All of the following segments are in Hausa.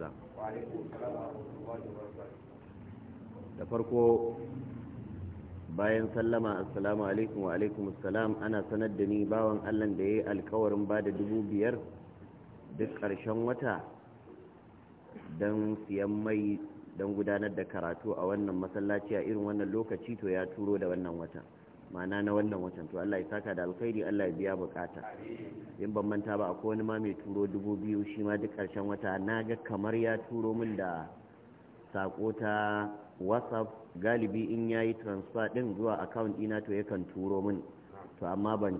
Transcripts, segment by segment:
da farko bayan sallama assalamu alaikum wa alaikum assalam ana sanar da ni bawan allah da ya yi alkawarin ba da dubu biyar duk ƙarshen wata don siyan mai don gudanar da karatu a wannan masallaci a irin wannan lokaci to ya turo da wannan watan ma'ana na wannan watan to Allah ya saka da alkhairi Allah ya biya bukata in ban manta ba akwai wani ma mai turo dubu biyu shi ma duk ƙarshen wata na ga kamar ya turo min da sako ta whatsapp galibi in ya yi transfer din zuwa account ɗina to yakan turo min to amma ban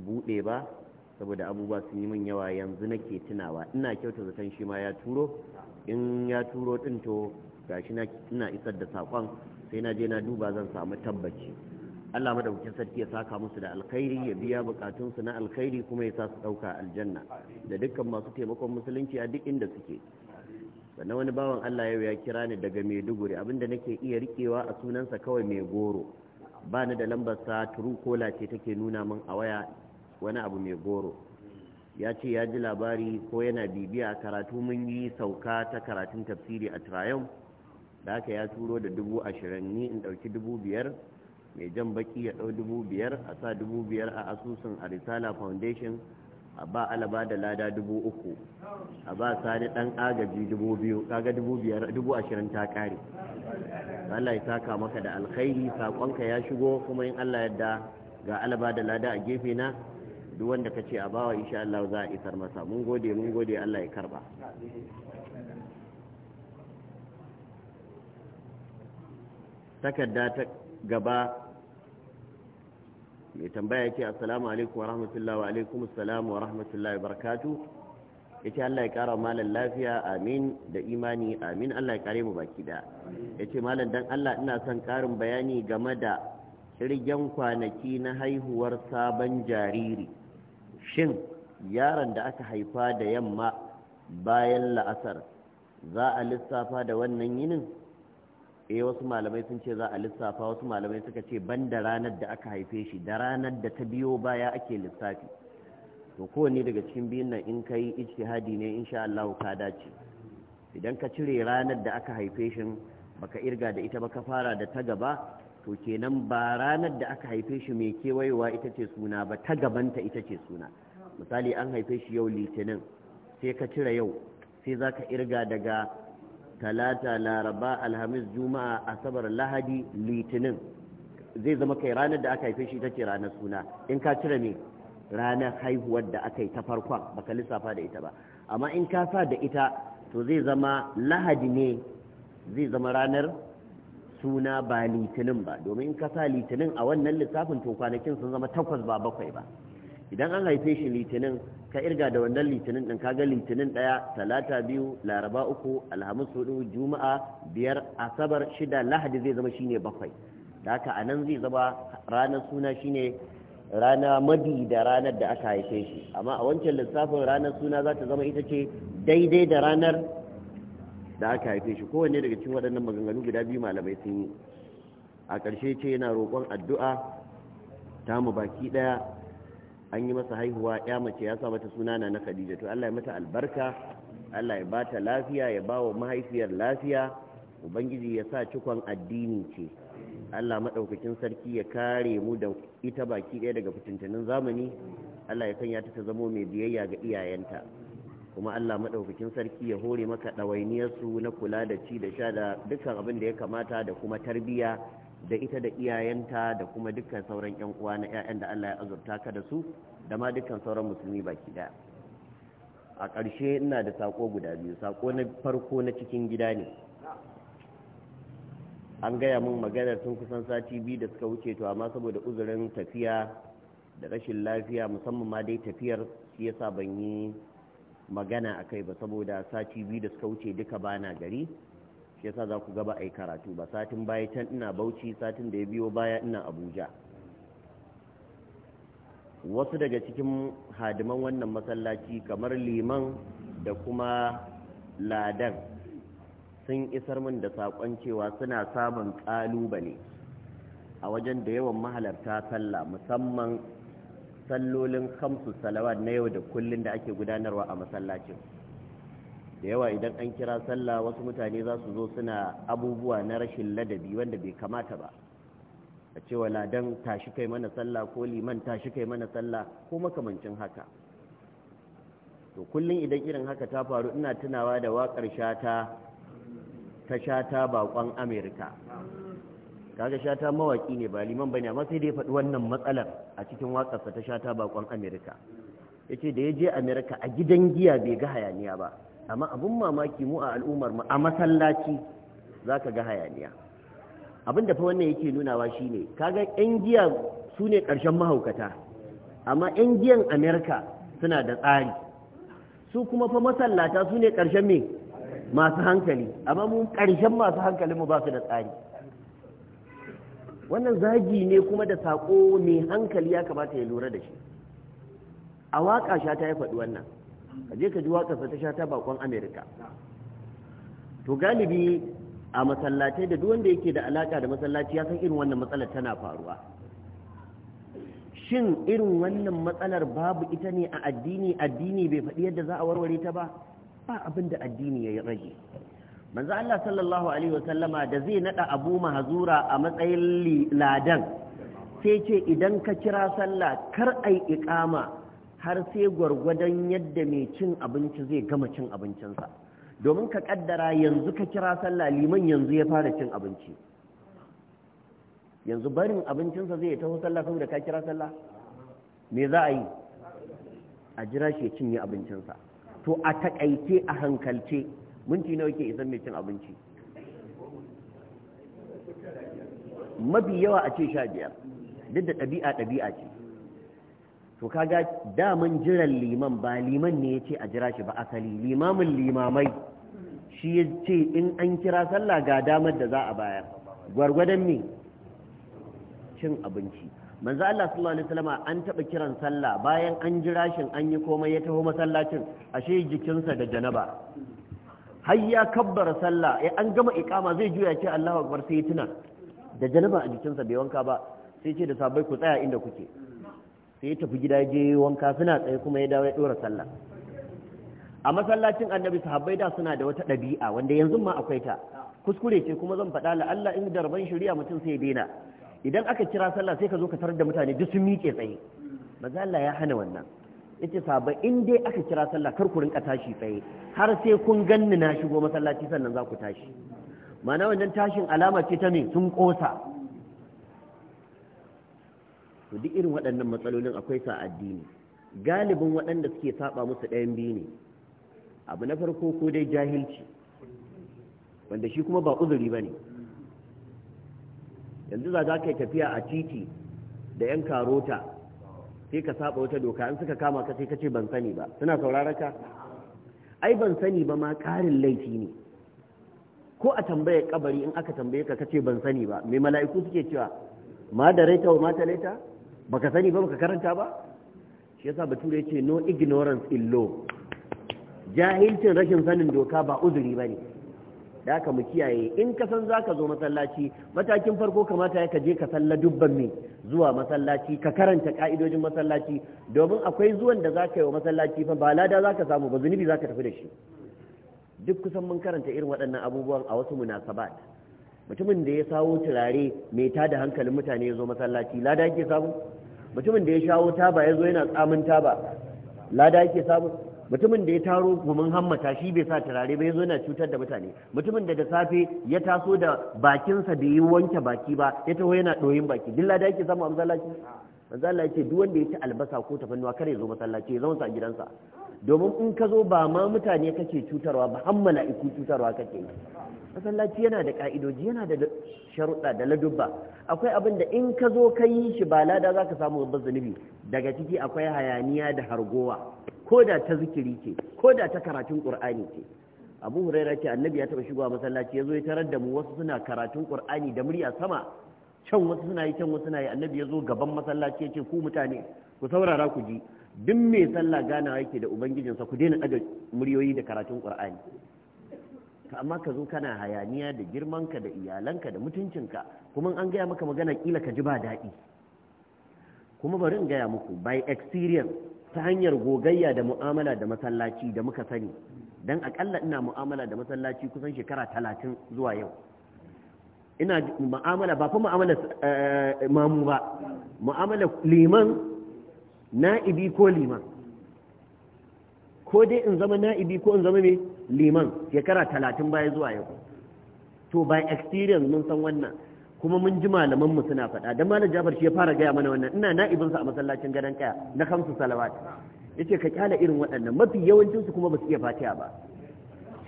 buɗe ba saboda abubuwa sun yi min yawa yanzu nake tunawa ina kyauta zaton shi ma ya turo in ya turo ɗin to gashi na ina isar da saƙon sai na je na duba zan samu tabbaci Allah madaukakin sarki ya saka musu da alkhairi ya biya bukatunsu na alkhairi kuma ya sa su dauka aljanna da dukkan masu taimakon musulunci a duk inda suke sannan wani bawan Allah yau ya kira ni daga Maiduguri abinda nake iya rikewa a sunansa kawai mai goro bani da lambar sa kola ce take nuna min a waya wani abu mai goro ya ce ya ji labari ko yana bibiya karatu mun yi sauka ta karatun tafsiri a triumph da haka ya turo da dubu ashirin ni in ɗauki dubu biyar mai jan baki ya ɗau dubu biyar a sa dubu biyar a asusun risala foundation a ba alaba da lada dubu uku a ba sani ɗan agaji dubu biyu kaga dubu biyar dubu ashirin ta kare Allah ya saka maka da alkhairi saƙonka ya shigo kuma in Allah yadda ga alaba da lada a gefe na duk wanda ka ce a bawa isha Allah za a isar masa mun gode mun gode Allah ya karba takarda ta gaba mai tambaya ce assalamu alaikum wa rahmatullahi wa alaikum assalamu wa rahmatullahi barakatu yace Allah ya kara malam lafiya amin da imani amin Allah ya kare mu baki da yace malam dan Allah ina son karin bayani game da rigen kwanaki na haihuwar sabon jariri shin yaron da aka haifa da yamma bayan la'asar za a lissafa da wannan yinin eh wasu malamai sun ce za a lissafa wasu malamai suka ce ban da ranar da aka haife shi da ranar da ta biyo baya ake lissafi to kowanne daga cikin biyun nan in kai ijtihadi ne insha Allah ka dace idan ka cire ranar da aka haife shi baka irga da ita ba ka fara da ta gaba to kenan ba ranar da aka haife shi mai kewayewa ita ce suna ba ta gabanta ita ce suna misali an haife shi yau litinin sai ka cire yau sai zaka irga daga talata laraba alhamis juma'a asabar lahadi litinin zai zama kai ranar da aka haife shi ita ce ranar suna in ka cire me ranar haihuwar da aka yi ta farkon baka lissafa da ita ba amma in ka sa da ita to zai zama lahadi ne zai zama ranar suna ba litinin ba domin in ka sa litinin a wannan lissafin to kwanakin sun zama takwas ba bakwai ba idan an haife shi litinin ka irga da wannan litinin ɗin kaga litinin ɗaya talata biyu laraba uku alhamis hudu juma'a biyar asabar shida lahadi zai zama shine bakwai da haka a nan zai zama ranar suna shine rana madi da ranar da aka haife shi amma a wancan lissafin ranar suna za ta zama ita ce daidai da ranar da aka haife shi kowanne daga cikin waɗannan maganganu guda biyu malamai sun yi a ƙarshe ce yana roƙon addu'a ta mu baki ɗaya an yi masa haihuwa ya mace ya sa mata suna na Khadija to Allah ya mata albarka Allah ya bata lafiya ya bawa mahaifiyar lafiya ubangiji ya sa cikon addini ce Allah madaukakin sarki ya kare mu da ita baki ɗaya daga fitintunin zamani Allah ya sanya ta ta zamo mai biyayya ga iyayenta kuma Allah madaukakin sarki ya hore maka ɗawainiyarsu na kula da ci da sha da dukkan abin da ya kamata da kuma tarbiyya da ita da iyayenta da kuma dukkan sauran yan uwa na ƴaƴan da Allah ya azurta ka da su da ma dukkan sauran musulmi baki daya a ƙarshe ina da sako guda biyu sako na farko na cikin gida ne an gaya mun maganar sun kusan sati biyu da suka wuce to amma saboda uzurin tafiya da rashin lafiya musamman ma dai tafiyar shi yasa ban yi magana akai ba saboda sati biyu da suka wuce duka bana gari shi yasa za ku gaba a yi karatu ba satin baya can ina bauchi satin da ya biyo baya ina abuja wasu daga cikin hadiman wannan masallaci kamar liman da kuma ladan sun isar min da sakon cewa suna samun ƙalubale a wajen da yawan mahalarta sallah musamman sallolin kamsu salawa na yau da kullun da ake gudanarwa a masallacin da yawa idan an kira sallah wasu mutane za su zo suna abubuwa na rashin ladabi wanda bai kamata ba a cewa ladan tashi kai mana sallah ko liman tashi kai mana sallah ko makamancin haka to kullum idan irin haka ta faru ina tunawa da wakar shata ta shata bakon amerika kaga shata mawaki ne ba liman bane amma sai da faɗi wannan matsalar a cikin waƙarsa ta shata bakon amerika yace da ya je amerika a gidan giya bai ga hayaniya ba amma abin mamaki mu a al'ummar mu a masallaci za ka ga hayaniya abin da fa wannan yake nunawa shine kaga yan giya su ne ƙarshen mahaukata amma yan giyan amerika suna da tsari su kuma fa masallata su ne ƙarshen me masu hankali amma mu ƙarshen masu hankali mu ba su da tsari wannan zagi ne kuma da sako mai hankali ya kamata ya lura da shi a waƙa sha ta yi faɗi wannan ka je ka ji waƙarsa ta sha ta bakon amerika to galibi a masallatai da duk wanda yake da alaka da masallaci ya san irin wannan matsalar tana faruwa shin irin wannan matsalar babu ita ne a addini addini bai faɗi yadda za a warware ta ba ba abin da addini ya rage manzo Allah sallallahu alaihi wasallama da zai nada Abu Mahzura a matsayin ladan sai ce idan ka kira sallah kar ai iqama har sai gwargwadon yadda mai cin abinci zai gama cin abincinsa domin ka kaddara yanzu ka kira sallah liman yanzu ya fara cin abinci yanzu barin abincinsa zai taho sallah saboda ka kira sallah me za a yi a jira shi ya cinye abincinsa to a takaice a hankalce minti nawa ke isan mai cin abinci mafi yawa a ce sha biyar duk da ɗabi'a ɗabi'a ce to kaga daman jiran liman ba liman ne ya ce a jira shi ba asali limamin limamai shi ya ce in an kira sallah ga damar da za a bayar gwargwadon me cin abinci manzo Allah sallallahu alaihi wasallam an taba kiran sallah bayan an jira shin an yi komai ya taho masallacin ashe jikinsa da janaba har ya kabbara sallah ya eh, an gama ikama zai juya ce Allahu akbar sai tuna da janaba a jikinsa bai wanka ba sai ce da sabai ku tsaya inda kuke sai ya tafi gida je wanka suna tsaye kuma ya dawo ya dora sallah a masallacin annabi sahabbai da suna da wata ɗabi'a wanda yanzu ma akwai ta kuskure ce kuma zan faɗa la Allah in darban shari'a mutum sai ya daina idan aka kira sallah sai ka zo ka tarar da mutane duk sun miƙe tsaye maza Allah ya hana wannan yace sahabbai in dai aka kira sallah kar ku rinka tashi tsaye har sai kun ganni na shigo masallaci sannan za ku tashi mana wannan tashin alama ce ta ne sun kosa to duk irin waɗannan matsalolin akwai sa addini galibin waɗanda suke saba musu ɗayan biyu ne abu na farko ko dai jahilci wanda shi kuma ba uzuri ba ne yanzu za za ka yi tafiya a titi da 'yan karota sai ka saba wata doka an suka kama ka sai ka ce ban sani ba suna sauraron ka ai ban sani ba ma ƙarin laifi ne ko a tambaye kabari in aka tambaye ka kace ban sani ba mai mala'iku suke cewa ma da raita wa mata laita baka sani ba baka karanta ba shi yasa bature ce no ignorance in law jahilcin rashin sanin doka ba uzuri bane da ka mu kiyaye in ka san zaka zo masallaci matakin farko kamata ya kaje ka salla dubban me zuwa masallaci ka karanta ka'idojin masallaci domin akwai zuwan da zaka yi wa masallaci fa ba lada zaka samu ba zunubi zaka tafi da shi duk kusan mun karanta irin waɗannan abubuwan a wasu munasabat mutumin da ya sawo turare mai tada hankalin mutane ya zo masallaci lada ke samu mutumin da ya shawo taba ya zo yana tsamin taba lada yake samu mutumin da ya taro gumin hammata shi bai sa turare ya zo yana cutar da mutane mutumin da da safe ya taso da bakinsa bai yi wanke baki ba ya taho yana ɗoyin baki duk lada yake samu a masallaci manzo Allah ya duk wanda ya ci albasa ko tafannuwa kare ya zo masallaci ya zama a gidansa domin in ka zo ba ma mutane kake cutarwa ba har mala'iku cutarwa kake yi masallaci yana da ka'idoji yana da sharuɗa da ladubba akwai abin da in ka zo ka yi shi ba lada za ka samu babban zunubi daga ciki akwai hayaniya da hargowa ko da ta zikiri ce ko da ta karatun ƙur'ani ce abu huraira ce annabi ya taɓa shigowa masallaci ya zo ya tarar da mu wasu suna karatun ƙur'ani da murya sama can wasu suna yi can wasu suna yi annabi ya zo gaban masallaci ya ce ku mutane ku saurara ku ji duk mai sallah ganawa yake da ubangijinsa ku daina daga muryoyi da karatun ƙur'ani Ka amma ka zo kana hayaniya da girmanka da iyalanka da mutuncinka kuma an gaya maka magana kila ka ji ba daɗi kuma bari in gaya muku by experience ta hanyar gogayya da mu'amala da masallaci da muka sani don akalla ina mu'amala da masallaci kusan shekara talatin zuwa yau ina mu'amala ba fa mu'amala eh, mamu ba mu'amala liman na'ibi ko liman ko dai in zama na'ibi ko in zama mai liman shekara talatin baya zuwa yau to by experience mun san wannan kuma mun ji malaman mu suna faɗa dan malam Jafar shi ya fara gaya mana wannan ina na'ibin sa a masallacin gadan kaya na kamsu salawat yace ka kyala irin waɗannan mafi yawancin su kuma su iya fatiha ba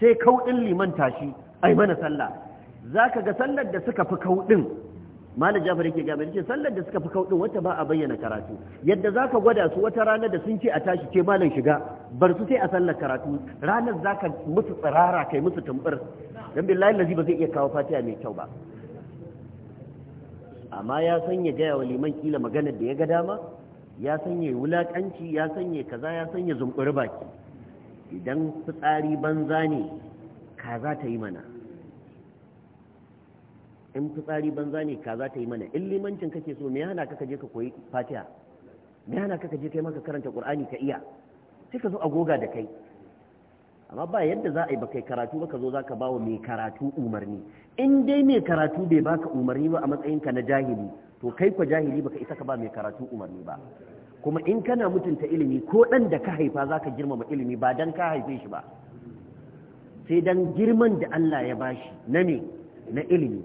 sai kaudin liman tashi ai mana sallah zaka ga sallar da suka fi kaudin malam jafar yake gaba yake sallar da suka fi kaudin wata ba a bayyana karatu yadda zaka gwada su wata rana da sun ce a tashi ce malam shiga bar su sai a sallar karatu ranar ka musu tsirara kai musu tumbir dan billahi lazi ba zai iya kawo fatiha mai kyau ba amma ya san ya gaya wa liman kila maganar da ya ga dama ya san ya wulakanci ya san kaza ya sanya ya zumburi baki idan fitsari banza ne kaza ta yi mana in fitsari banza ne ka za ta yi mana in limancin kake so me hana ka je ka koyi fatiha me hana ka je kai maka karanta qur'ani ka iya sai ka zo a goga da kai amma ba yadda za a yi ba karatu ba ka zo za ka mai karatu umarni in dai mai karatu bai baka umarni ba a matsayin ka na jahili to kai kwa jahili baka isa ka ba mai karatu umarni ba kuma in kana mutunta ilimi ko dan da ka haifa zaka ka girmama ilimi ba dan ka haife shi ba sai dan girman da Allah ya bashi na ne na ilimi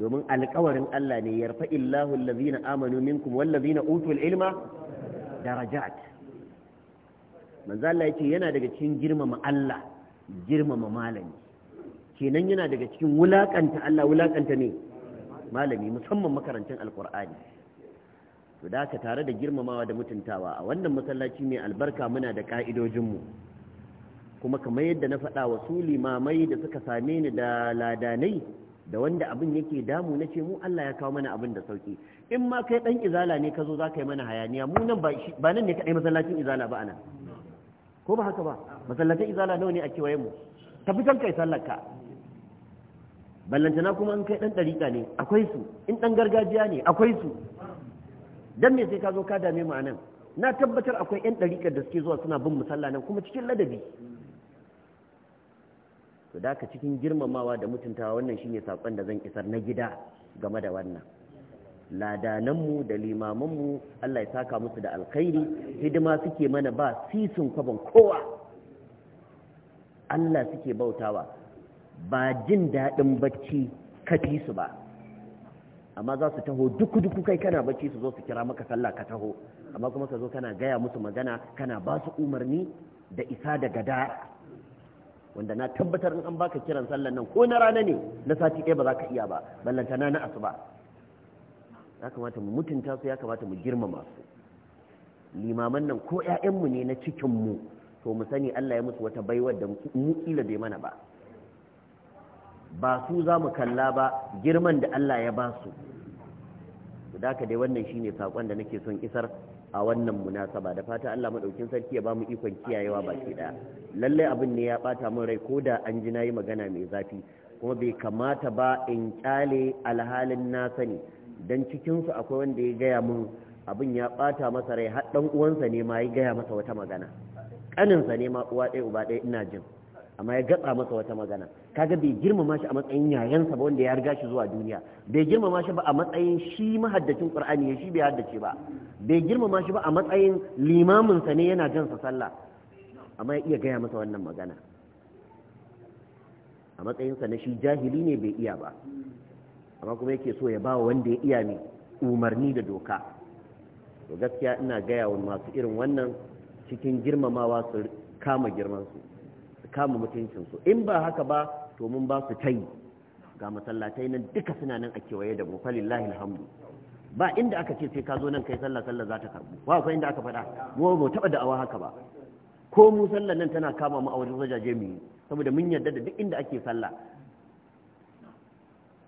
domin alkawarin Allah ne yarfa illahu allazina amanu minkum wallazina utul ilma darajat manzo Allah yace yana daga cikin girmama Allah girmama malami kenan yana daga cikin wulakanta Allah wulakanta ne malami musamman makarantun alqur'ani to da ka tare da girmamawa da mutuntawa a wannan masallaci mai albarka muna da ka'idojinmu mu kuma kamar yadda na faɗa wa su limamai da suka same ni da ladanai da wanda abin yake damu na ce mu Allah ya kawo mana abin da sauki in ma kai dan izala ne ka zo za ka yi mana hayaniya mu nan ba nan ne kaɗai masallacin izala ba ana ko ba haka ba masallacin izala nawa ne a kewaye mu ka fitan kai sallarka ballantana kuma in kai dan ɗariƙa ne akwai su in dan gargajiya ne akwai su dan me sai ka zo ka dame mu anan na tabbatar akwai yan ɗariƙar da suke zuwa suna bin musalla nan kuma cikin ladabi to da ka cikin girmamawa da mutuntawa wannan shine saƙon da zan isar na gida game da wannan ladananmu da limaman mu Allah ya saka musu da alkhairi hidima suke mana ba sisin kwabon kowa Allah suke bautawa ba jin daɗin bacci kafi su ba amma za su taho duk duku kai kana bacci su zo su kira maka sallah ka taho amma kuma ka zo kana gaya musu magana kana ba su umarni da isa da gada. wanda na tabbatar in an baka kiran sallan nan ko na rana ne na sati ɗaya ba za ka iya ba ballanta na asuba ya kamata mu mutunta su ya kamata mu girmama su limaman nan ko ƴaƴanmu ne na cikin mu to mu sani Allah ya musu wata baiwar da mu kila bai mana ba ba su za mu kalla ba girman da Allah ya ba su da dai wannan shine sakon da nake son isar a wannan munasaba da fata Allah madaukin sarki ya bamu ikon kiyayewa baki daya lalle abin ne ya bata min rai ko da an ji nayi magana mai zafi kuma bai kamata ba in kyale alhalin na sani dan cikin su akwai wanda ya gaya mun abin ya bata masa rai har dan uwansa ne ma ya gaya masa wata magana kaninsa ne ma uwa ɗaya uba ɗaya ina jin amma ya gatsa masa wata magana kaga bai girmama shi a matsayin yayansa ba wanda ya riga shi zuwa duniya bai girmama shi ba a matsayin shi mahaddacin qur'ani ya shi bai haddace ba bai girmama shi ba a matsayin limamin sa ne yana jansa sallah amma ya iya gaya masa wannan magana a matsayin sa na shi jahili ne bai iya ba amma kuma yake so ya ba wanda ya iya ne umarni da doka to gaskiya ina gaya wa masu irin wannan cikin girmamawa su kama girman su kama mutuncinsu in ba haka ba to mun ba su tayi ga masallatai nan duka suna nan a kewaye da mu falillahi alhamdu ba inda aka ce sai ka zo nan kai sallah sallah za ta karbu ba akwai inda aka faɗa mu ba taɓa awa haka ba ko mu sallah nan tana kama mu a wajen wajaje mu saboda mun yarda da duk inda ake sallah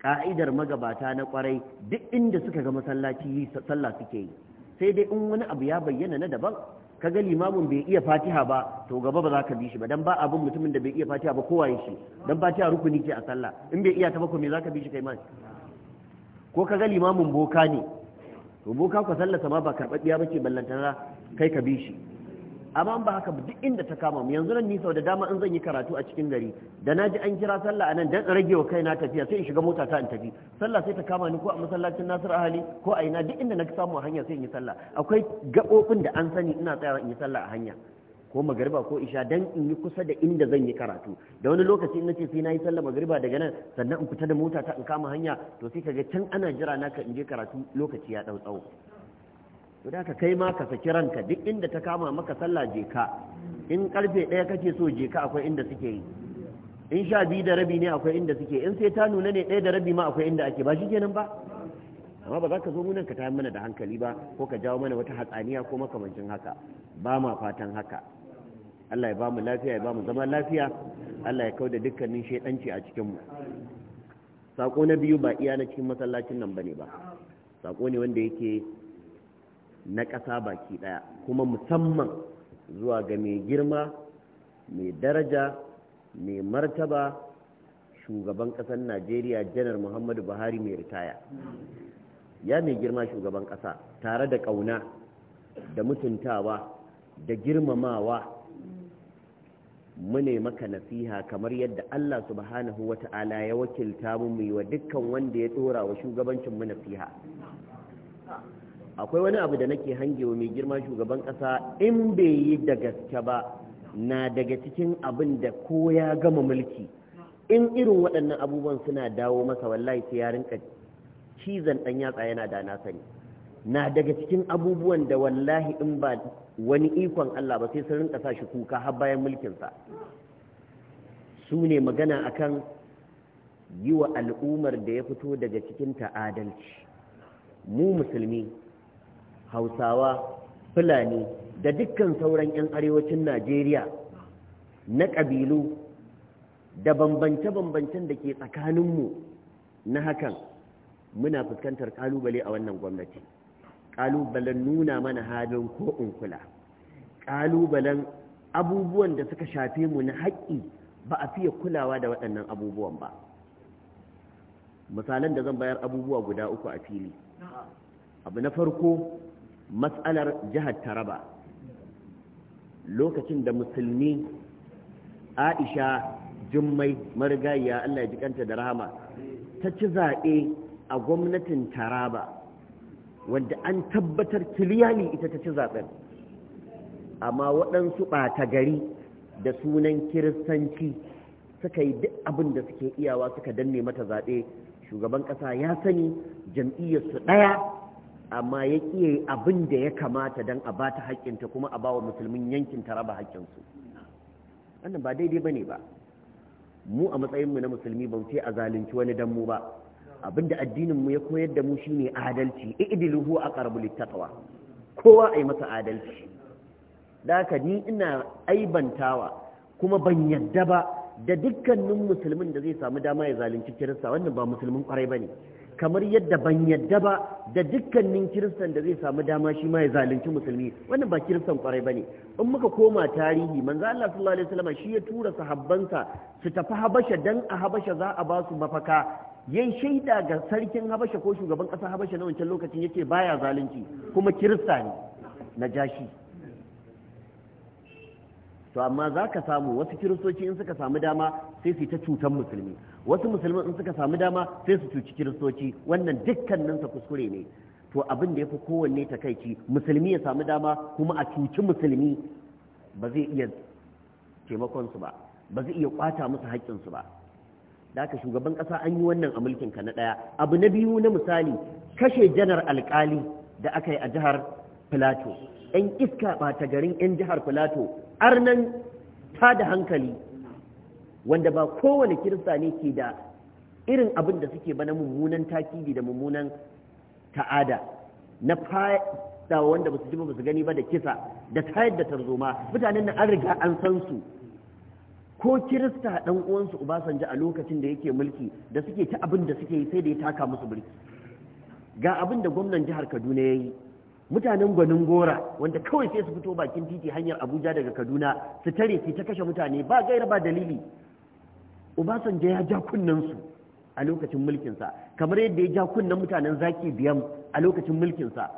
ka'idar magabata na kwarai duk inda suka ga masallaci sallah suke yi sai dai in wani abu ya bayyana na daban Ka ga limamin bai iya fatiha ba to gaba ba za ka bi shi ba dan ba abin mutumin da bai iya fatiha ba kowa shi dan fatiha rukuni ce a sallah in bai iya ta ba me za ka bi shi kai mai ko ka ga limamin boka ne to boka ku sallah ma ba karɓaɓɓiya ba ballantana kai ka bi shi amma ba haka duk inda ta kama mu yanzu nan ni sau da dama in zan yi karatu a cikin gari da na ji an kira sallah anan dan rage wa na tafiya sai in shiga mota ta in tafi sallah sai ta kama ni ko a masallacin Nasir Ahali ko a ina duk inda na samu hanya sai in yi sallah akwai gabobin da an sani ina tsayawa in yi sallah a hanya ko magariba ko isha dan in yi kusa da inda zan yi karatu da wani lokaci in nace sai na yi sallah magariba daga nan sannan in fita da mota ta in kama hanya to sai kaga can ana jira naka in je karatu lokaci ya dau tsawo don ka kai ma ka saki ranka duk inda ta kama maka sallah je ka in karfe ɗaya kake so je ka akwai inda suke yi in sha biyu da rabi ne akwai inda suke in sai ta nuna ne ɗaya da rabi ma akwai inda ake ba shi kenan ba amma ba za ka zo munan ka tayar mana da hankali ba ko ka jawo mana wata hatsaniya ko makamancin haka ba ma fatan haka Allah ya ba mu lafiya ya ba mu zama lafiya Allah ya da dukkanin shaidanci a cikin mu sako na biyu ba iya na cikin masallacin nan bane ba sako ne wanda yake na ƙasa baki ɗaya kuma musamman zuwa ga mai girma mai daraja mai martaba shugaban ƙasar najeriya janar muhammadu buhari mai ritaya ya mai girma shugaban ƙasa tare da ƙauna da mutuntawa da girmamawa mune maka nasiha kamar yadda Allah subhanahu wata'ala ya wakilta mu yi wa dukkan wanda ya tsora wa shugabancin mu nasiha akwai wani abu da nake hangewa mai girma shugaban kasa in bai yi da gaske ba na daga cikin abin da ko ya gama mulki in irin waɗannan abubuwan suna dawo masa wallahi sai ya rinka cizon ɗan yatsa yana da na sani na daga cikin abubuwan da wallahi in ba wani ikon Allah ba sai sun rinka sa shi kuka har bayan mulkin sa. su ne magana akan yi wa al'ummar da ya fito daga cikin ta'adalci mu musulmi hausawa fulani da dukkan sauran 'yan arewacin najeriya na ƙabilu da bambance-bambancen da ke tsakaninmu na hakan muna fuskantar ƙalubale a wannan gwamnati ƙalubalen nuna mana halin ko unkula ƙalubalen abubuwan da suka shafe mu na haƙƙi ba a fiye kulawa da waɗannan abubuwan ba misalan da zan bayar abubuwa guda uku a fili abu na farko matsalar jihar taraba lokacin da musulmi aisha jummai marigayya allah ya ji kanta da rahama ta ci zaɓe a gwamnatin taraba wanda an tabbatar kiliyani ita ta ci zaɓen amma waɗansu ɓata gari da sunan kiristanci suka yi duk abin da suke iyawa suka danne mata zaɓe shugaban ƙasa ya sani jam'iyyarsu ɗaya amma ya kiye abin da ya kamata don a ba ta haƙƙinta kuma a ba wa musulmin yankin ta raba haƙƙinsu wannan ba daidai ba ne ba mu a matsayinmu na musulmi ba ce a zalunci wani dan mu ba abin da addininmu ya koyar da mu shi ne adalci i'diluhu aqrabu littaqwa kowa a yi masa adalci da haka ni ina aibantawa kuma ban yadda ba da dukkanin musulmin da zai samu dama ya zalunci kirista wannan ba musulmin kwarai ba ne. kamar yadda ban yadda ba da dukkanin kiristan da zai samu dama shi ma ya zalunci musulmi wannan ba kiristan kwarai ba ne in muka koma tarihi manzo Allah sallallahu alaihi wasallam shi ya tura sahabbansa su tafi Habasha dan a Habasha za a ba su mafaka yayin shaida ga sarkin Habasha ko shugaban ƙasar Habasha na wancan lokacin yace baya zalunci kuma kirista ne jashi to amma za ka samu wasu kiristoci in suka samu dama sai su ta cutan musulmi wasu musulmi in suka samu dama sai su cuci kiristoci wannan dukkaninsa kuskure ne to abin da ya fi kowanne takaici musulmi ya samu dama kuma a cuci musulmi ba zai iya taimakon su ba ba zai iya kwata musu su ba da ka shugaban ƙasa an yi wannan a mulkin ka na ɗaya abu na biyu na misali kashe janar alƙali da aka yi a jihar filato 'yan iska ba ta garin 'yan jihar filato arnan ta da hankali wanda ba kowane kirista ne ke da irin abin da suke ba na mummunan takidi da mummunan ta'ada na fada wanda ba su ji ba su gani ba da kisa da tayar da tarzoma mutanen na an riga an san su ko kirista dan uwansu Obasanjo a lokacin da yake mulki da suke ta abin da suke yi sai da ya taka musu birki ga abin da gwamnan jihar Kaduna ya yi, mutanen gwanin gora wanda kawai sai su fito bakin titi hanyar Abuja daga Kaduna su tare su ta kashe mutane ba gairaba dalili Obasanjo ya ja su a lokacin mulkinsa kamar yadda ya ja kunnen mutanen zaki biyan a lokacin mulkinsa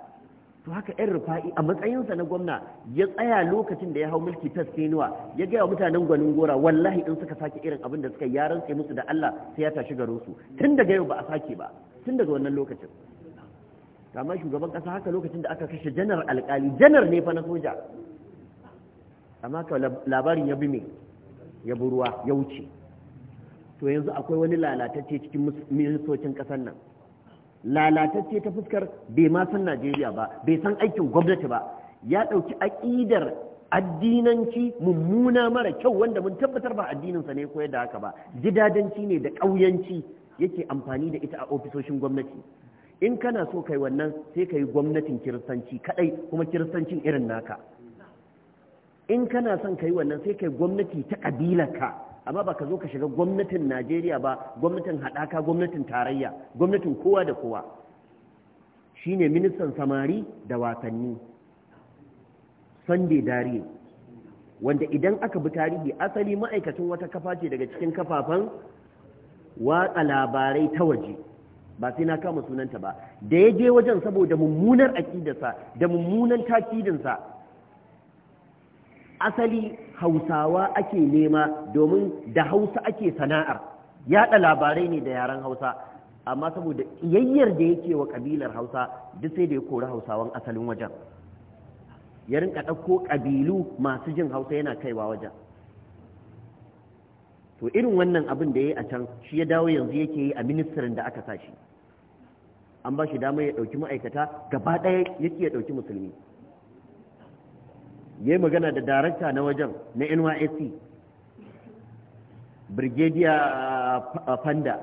to haka yan rufa'i a matsayinsa na gwamna ya tsaya lokacin da ya hau mulki ta sinuwa ya gaya wa mutanen gwanin gora wallahi in suka sake irin abin da suka yaran sai musu da Allah sai ya tashi garo su tun daga yau ba a sake ba tun daga wannan lokacin kama shugaban kasa haka lokacin da aka kashe janar alkali janar ne fa na soja amma ka labarin ya bi me ya burwa ya wuce to yanzu akwai wani lalatacce cikin ministocin ƙasar nan lalatacce ta fuskar bai ma san najeriya ba bai san aikin gwamnati ba ya ɗauki aƙidar addinanci mummuna mara kyau wanda mun tabbatar ba addininsa ne koyar da haka ba gidadanci ne da ƙauyanci yake amfani da ita a ofisoshin gwamnati in kana so kai wannan sai ka yi gwamnatin kiristanci kaɗai kuma kiristancin irin naka in kana son ka yi wannan sai ka yi gwamnati ta ƙabilarka amma ba ka zo ka shiga gwamnatin najeriya ba gwamnatin haɗaka gwamnatin tarayya gwamnatin kowa da kowa shine ministan samari da wasanni sunday dariya wanda idan aka bi tarihi asali ma'aikacin wata kafa ce daga cikin kafafen watsa labarai ta waje ba sai na kama sunanta ba da ya je wajen saboda mummunar aƙidarsa da mummunan takidinsa asali hausawa ake nema domin da hausa ake sana'ar yaɗa labarai ne da yaren hausa amma saboda iyayyar da yake wa ƙabilar hausa duk sai da ya kori hausawan asalin wajen ya rinka ɗauko ƙabilu masu jin hausa yana kaiwa wajen to irin wannan abin da ya yi a can shi ya dawo yanzu yake yi a ministirin da aka sa shi an ba shi damar ya ɗauki ma'aikata gaba ɗaya yake ya ɗauki musulmi yayi magana da darakta na wajen na NYSC Brigadier uh, uh, Fanda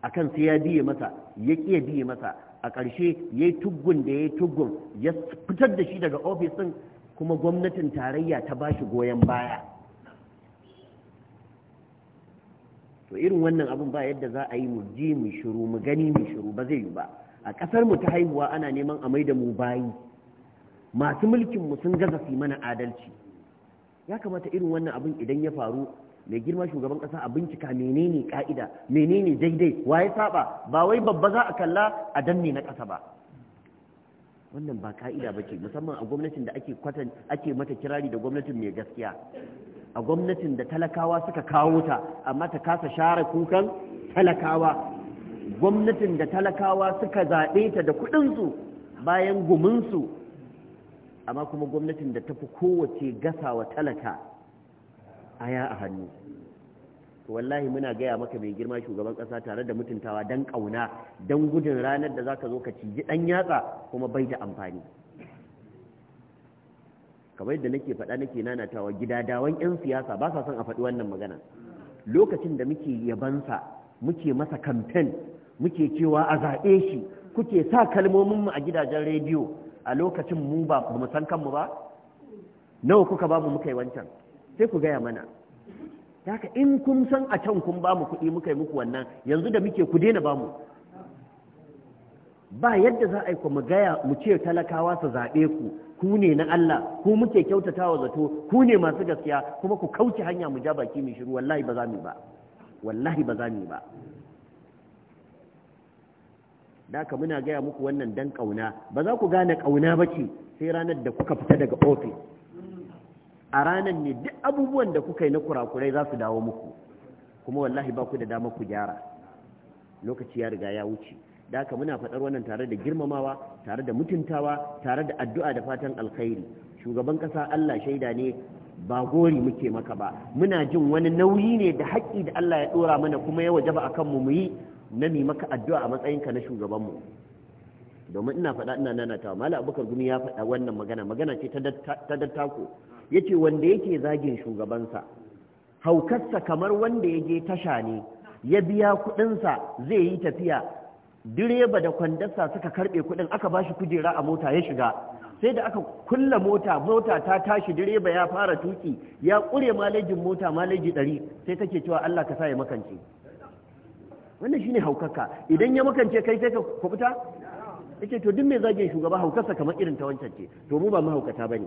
akan sai ya biye masa ya kiya biye masa a ƙarshe ya yi tuggun da ya yi tuggun ya fitar da shi daga ofis ɗin kuma gwamnatin tarayya ta ba shi goyon baya to irin wannan abin ba yadda za a yi mu ji mu shiru mu gani mu shiru ba zai yi ba a ƙasar mu ta haihuwa ana neman a mai da mu bayi masu mulkin mu sun gaza su mana adalci ya kamata irin wannan abin idan ya faru mai girma shugaban kasa a bincika menene ka'ida menene daidai waye saba ba wai babba za a kalla a danne na kasa ba wannan ba ka'ida ce, musamman a gwamnatin da ake kwatan ake mata kirari da gwamnatin mai gaskiya a gwamnatin da talakawa suka kawo ta amma ta kasa share kukan talakawa gwamnatin da talakawa suka zaɓe ta da kuɗinsu bayan guminsu amma kuma gwamnatin da ta fi kowace gasawa talaka ya a hannu to wallahi muna gaya maka mai girma shugaban kasa tare da mutuntawa don ƙauna don gudun ranar da zaka zo ka ciji ɗan yatsa kuma bai da amfani kamar yadda nake faɗa nake nanatawa dawon 'yan siyasa ba sa son a faɗi wannan magana lokacin da muke yabansa muke masa kamfen muke cewa a zaɓe shi kuke sa kalmomin mu a gidajen rediyo a lokacin mu ba mu san kanmu ba nawa kuka ba mu muka yi wancan sai ku gaya mana haka in kun san a can kun ba mu kuɗi muka yi muku wannan yanzu da muke ku daina ba mu ba yadda za a yi mu gaya mu ce talakawa su zaɓe ku ku ne na Allah ku muke kyautata wa zato ku ne masu gaskiya kuma ku kauce hanya mu ja baki mu shiru wallahi ba za mu ba wallahi ba za mu ba daka muna gaya muku wannan dan kauna ba za ku gane kauna ba ce sai ranar da kuka fita daga ofis a ranar ne duk abubuwan da kuka yi na kurakurai za su dawo muku kuma wallahi ba ku da dama ku gyara lokaci ya riga ya wuce da haka muna faɗar wannan tare da girmamawa tare da mutuntawa tare da addu'a da fatan alkhairi shugaban ƙasa Allah shaida ne ba gori muke maka ba muna jin wani nauyi ne da haƙƙi da Allah ya ɗora mana kuma ya wajaba akan mu mu yi na mi maka addu'a a matsayinka na shugabanmu domin ina faɗa ina ta mala abubakar gumi ya faɗa wannan magana magana ce ta dattako ya ce wanda yake zagin shugabansa haukarsa kamar wanda ya je tasha ne ya biya kuɗinsa zai yi tafiya direba da kwandarsa suka karɓe kuɗin aka ba shi kujera a mota ya shiga sai da aka kulla mota mota ta tashi direba ya fara tuki ya ƙure malajin mota malaji ɗari sai kake cewa allah ka sa ya makance wannan shine haukaka idan ya makance kai sai ka kubuta yace to duk mai zagin shugaba haukarsa kamar irin ta wancan ce to mu ba mu mahaukata bane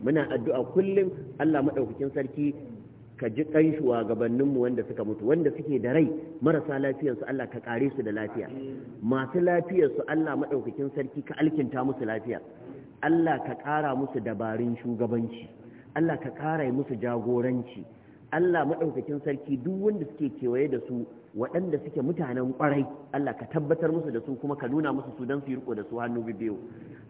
muna addu'a kullum Allah madaukakin sarki ka ji kan shugabanninmu wanda suka mutu wanda suke da rai marasa lafiyarsu Allah ka kare su da lafiya masu lafiyarsu Allah maɗaukakin sarki ka alkinta musu lafiya Allah ka kara musu dabarun shugabanci Allah ka ƙara musu jagoranci Allah maɗaukakin sarki duk wanda suke kewaye da su waɗanda suke mutanen ƙwarai Allah ka tabbatar musu da su kuma ka nuna musu su don su yi riko da su hannu bibiyo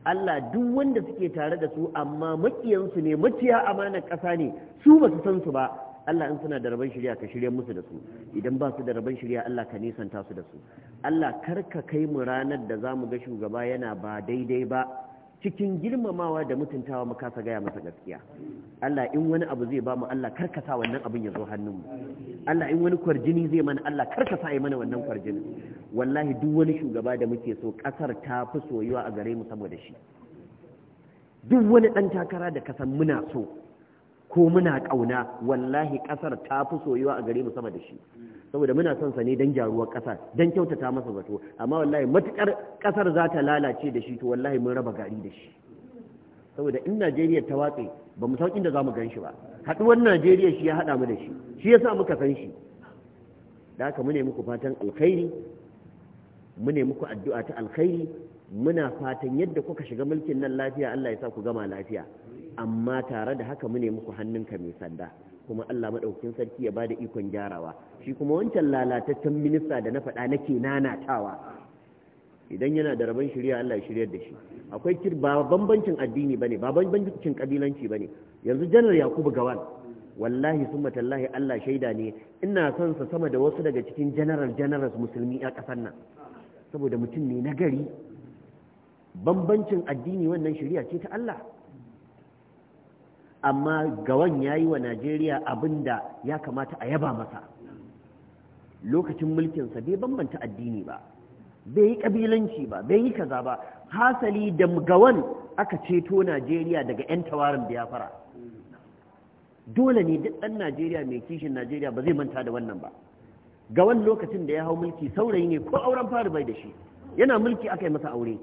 Allah duk wanda suke tare da su amma maƙiyansu ne maciya amanar ƙasa ne su ba su san su ba Allah in suna da rabon shirya ka shirya musu da su idan ba su da rabon shirya Allah ka nisanta su da su Allah kar ka kai mu ranar da za mu ga shugaba yana ba daidai ba cikin girmamawa da mutuntawa mu kasa gaya masa gaskiya Allah in wani abu zai ba mu Allah karkasa wannan abin ya zo hannunmu Allah in wani kwarjini zai mana Allah karkasa ya mana wannan kwarjini wallahi duk wani shugaba da muke so kasar ta fi soyuwa a gare mu saboda shi duk wani dan takara da kasan muna so ko muna kauna wallahi kasar ta fi soyuwa a gare mu saboda shi saboda muna son sa ne dan gyaruwar kasa dan kyautata masa zato amma wallahi matukar kasar za ta lalace da shi to wallahi mun raba gari da shi saboda in Najeriya ta watse ba mu sauƙin da zamu mu gan shi ba haɗuwar Najeriya shi ya haɗa mu da shi shi yasa muka san shi da haka mune muku fatan alkhairi mune muku addu'a ta alkhairi muna fatan yadda kuka shiga mulkin nan lafiya Allah ya sa ku gama lafiya amma tare da haka mune muku hannunka mai sanda kuma Allah maɗaukin sarki ya bada ikon gyarawa shi kuma wancan lalataccen minista da na faɗa nake nanatawa idan yana da rabon shirya Allah ya shiryar da shi akwai ba bambancin addini bane ba bambancin kabilanci bane yanzu janar yakubu gawan wallahi summa tallahi Allah shaida ne ina son sa sama da wasu daga cikin general generals musulmi a kasar nan saboda mutum ne nagari gari bambancin addini wannan shirya ce ta Allah amma gawan ya yi wa najeriya abin da ya kamata a yaba masa lokacin mulkinsa bai bambanta addini ba bai yi ƙabilanci ba bai yi kaza ba hasali da gawan aka ceto najeriya daga 'yan tawarin biyafara dole ne duk ɗan najeriya mai kishin najeriya ba zai manta da wannan ba gawan lokacin da ya hau mulki saurayi ne ko auren fari bai da shi yana mulki aka yi masa aure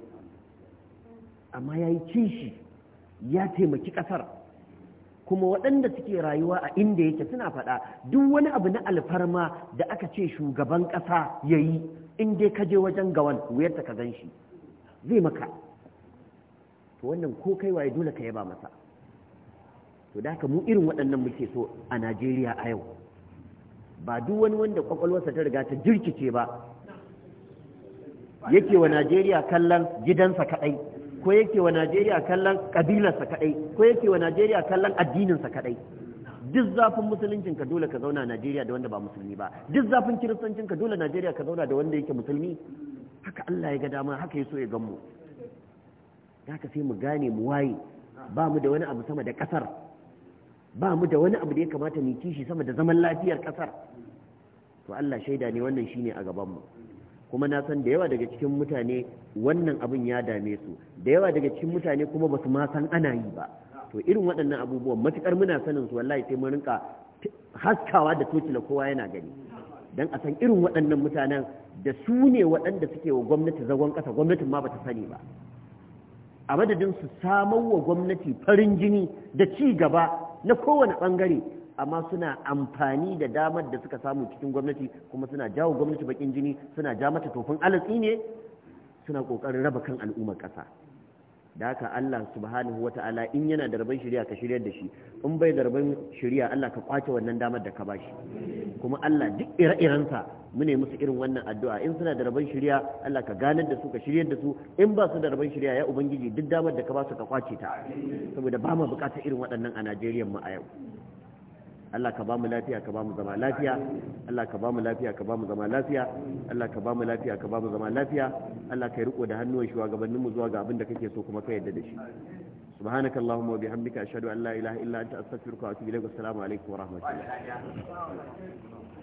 amma ya yi kishi ya taimaki ƙasar kuma waɗanda suke rayuwa a inda yake suna faɗa duk wani abu na alfarma da aka ce shugaban ƙasa ya yi in dai ka je wajen gawan wuyarta ka gan shi zai maka to wannan ko kai waye dole ka yaba masa to da mu irin waɗannan muke so a najeriya a yau ba duk wani wanda kwakwalwarsa ta riga ta jirkice ba yake wa najeriya kallon gidansa kaɗai ko yake wa Najeriya kallon kabilarsa kadai ko yake wa Najeriya kallon addininsa kadai duk zafin musuluncin ka dole ka zauna Najeriya da wanda ba musulmi ba duk zafin kiristancin ka dole Najeriya ka zauna da wanda yake musulmi haka Allah ya ga dama haka ya so ya gan mu ka sai mu gane mu waye ba mu da wani abu sama da kasar ba mu da wani abu da ya kamata mu kishi sama da zaman lafiyar kasar to Allah shaida ne wannan shine a gaban mu kuma na san da yawa daga cikin mutane wannan abin ya dame su da yawa daga cikin mutane kuma ba su ma san ana yi ba to irin waɗannan abubuwan matukar muna sanin su wallahi sai mun rinka haskawa da tocila kowa yana gani dan a san irin waɗannan mutanen da su ne waɗanda suke wa gwamnati zagon ƙasa gwamnatin ma ba ta sani ba a madadin su samar wa gwamnati farin jini da ci gaba na kowane ɓangare amma suna amfani da damar da suka samu cikin gwamnati kuma suna jawo gwamnati bakin jini suna ja mata tofin alatsi ne suna kokarin raba kan al'ummar kasa da haka Allah subhanahu wa Ta'ala in yana da rabon shari'a ka shiryar da shi in bai da rabon shari'a Allah ka kwace wannan damar da ka bashi kuma Allah duk ire-irensa mu ne musu irin wannan addu'a in suna da rabon shari'a Allah ka ganar da su ka shiryar da su in ba su da rabon shari'a ya ubangiji duk damar da ka ba su ka kwace ta saboda ba mu bukata irin waɗannan a Najeriya mu a yau Allah ka bamu lafiya ka bamu zama lafiya Allah ka bamu lafiya ka bamu zama lafiya Allah ka bamu lafiya ka bamu zama lafiya Allah ka riko da hannuwan shugabannin mu zuwa ga abin da kake so kuma ka yarda da shi subhanakallahumma wa bihamdika ashhadu an la ilaha illa anta astaghfiruka wa atubu ilaik assalamu alaikum wa rahmatullahi